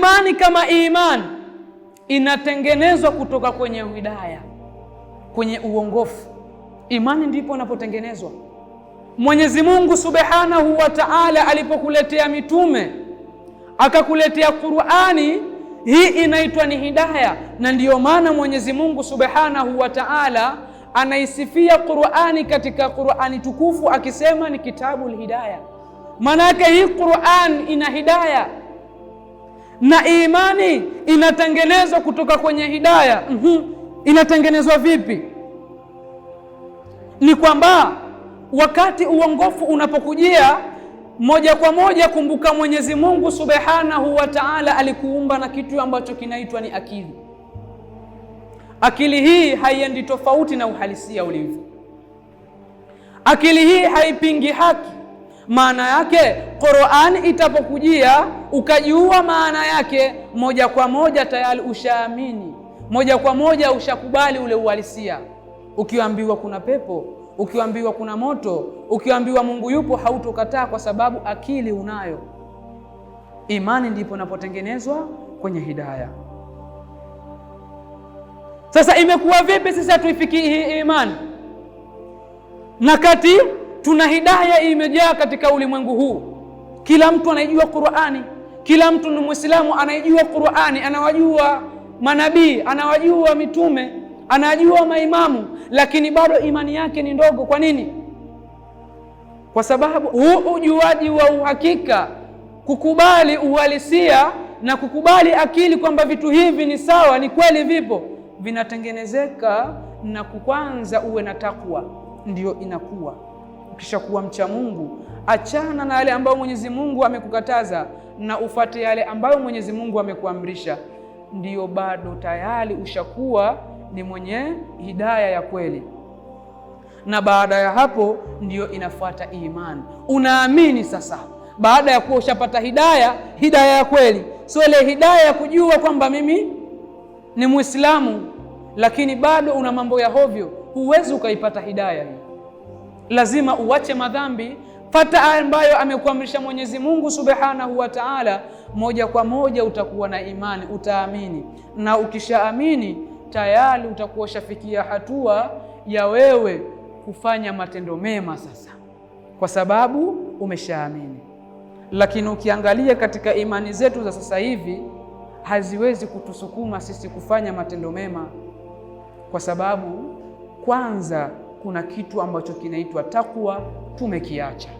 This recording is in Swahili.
imani kama imani inatengenezwa kutoka kwenye hidaya, kwenye uongofu. Imani ndipo inapotengenezwa. Mwenyezi Mungu Subhanahu wa Ta'ala alipokuletea mitume akakuletea Qur'ani, hii inaitwa ni hidaya, na ndiyo maana Mwenyezi Mungu Subhanahu wa Ta'ala anaisifia Qur'ani katika Qur'ani tukufu akisema ni kitabu lhidaya. Maana yake hii Qur'an ina hidaya na imani inatengenezwa kutoka kwenye hidaya. mm -hmm. Inatengenezwa vipi? Ni kwamba wakati uongofu unapokujia moja kwa moja, kumbuka Mwenyezi Mungu Subhanahu wa Ta'ala alikuumba na kitu ambacho kinaitwa ni akili. Akili hii haiendi tofauti na uhalisia ulivyo. Akili hii haipingi haki. Maana yake Qur'an itapokujia ukajua maana yake moja kwa moja, tayari ushaamini moja kwa moja, ushakubali ule uhalisia. Ukiambiwa kuna pepo, ukiambiwa kuna moto, ukiambiwa Mungu yupo, hautokataa kwa sababu akili unayo. Imani ndipo inapotengenezwa kwenye hidaya. Sasa imekuwa vipi sisi hatuifikii hii imani, na kati tuna hidaya imejaa katika ulimwengu huu, kila mtu anaijua Qur'ani kila mtu ni Mwislamu anayejua Qur'ani, anawajua manabii, anawajua mitume, anajua maimamu, lakini bado imani yake ni ndogo. Kwa nini? Kwa sababu huu ujuaji wa uhakika, kukubali uhalisia na kukubali akili kwamba vitu hivi ni sawa, ni kweli, vipo, vinatengenezeka na kukwanza uwe na takwa, ndiyo inakuwa kisha kuwa mcha Mungu, achana na yale ambayo Mwenyezi Mungu amekukataza na ufate yale ambayo Mwenyezi Mungu amekuamrisha, ndiyo bado tayari ushakuwa ni mwenye hidaya ya kweli. Na baada ya hapo ndiyo inafuata imani, unaamini sasa. Baada ya kuwa ushapata hidaya, hidaya ya kweli, sio ile hidaya ya kujua kwamba mimi ni Muislamu lakini bado una mambo ya hovyo, huwezi ukaipata hidaya hii lazima uache madhambi, fata ambayo amekuamrisha Mwenyezi Mungu Subhanahu wa Ta'ala, moja kwa moja utakuwa na imani, utaamini, na ukishaamini tayari utakuwa ushafikia hatua ya wewe kufanya matendo mema sasa, kwa sababu umeshaamini. Lakini ukiangalia katika imani zetu za sasa hivi haziwezi kutusukuma sisi kufanya matendo mema, kwa sababu kwanza kuna kitu ambacho kinaitwa takwa tumekiacha.